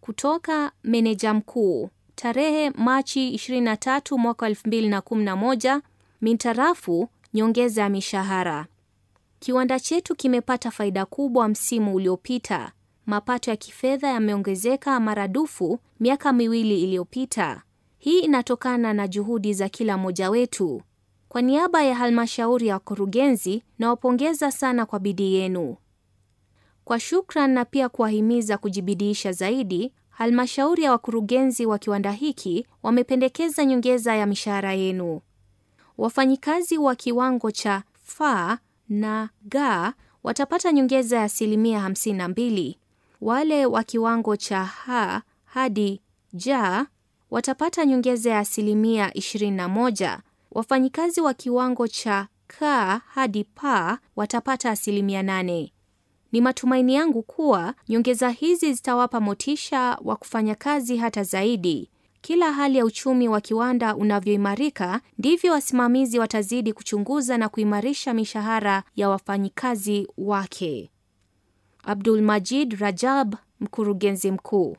kutoka meneja mkuu tarehe Machi 23 mwaka 2011 mintarafu nyongeza ya mishahara. Kiwanda chetu kimepata faida kubwa msimu uliopita. Mapato ya kifedha yameongezeka maradufu miaka miwili iliyopita. Hii inatokana na juhudi za kila mmoja wetu. Kwa niaba ya halmashauri ya wakurugenzi, nawapongeza sana kwa bidii yenu. Kwa shukran na pia kuwahimiza kujibidiisha zaidi, halmashauri ya wakurugenzi wa kiwanda hiki wamependekeza nyongeza ya mishahara yenu. Wafanyikazi wa kiwango cha fa na ga watapata nyongeza ya asilimia 52. Wale wa kiwango cha ha hadi ja watapata nyongeza ya asilimia 21. Wafanyikazi wa kiwango cha ka hadi pa watapata asilimia 8. Ni matumaini yangu kuwa nyongeza hizi zitawapa motisha wa kufanya kazi hata zaidi. Kila hali ya uchumi wa kiwanda unavyoimarika ndivyo wasimamizi watazidi kuchunguza na kuimarisha mishahara ya wafanyikazi wake. Abdul Majid Rajab, mkurugenzi mkuu.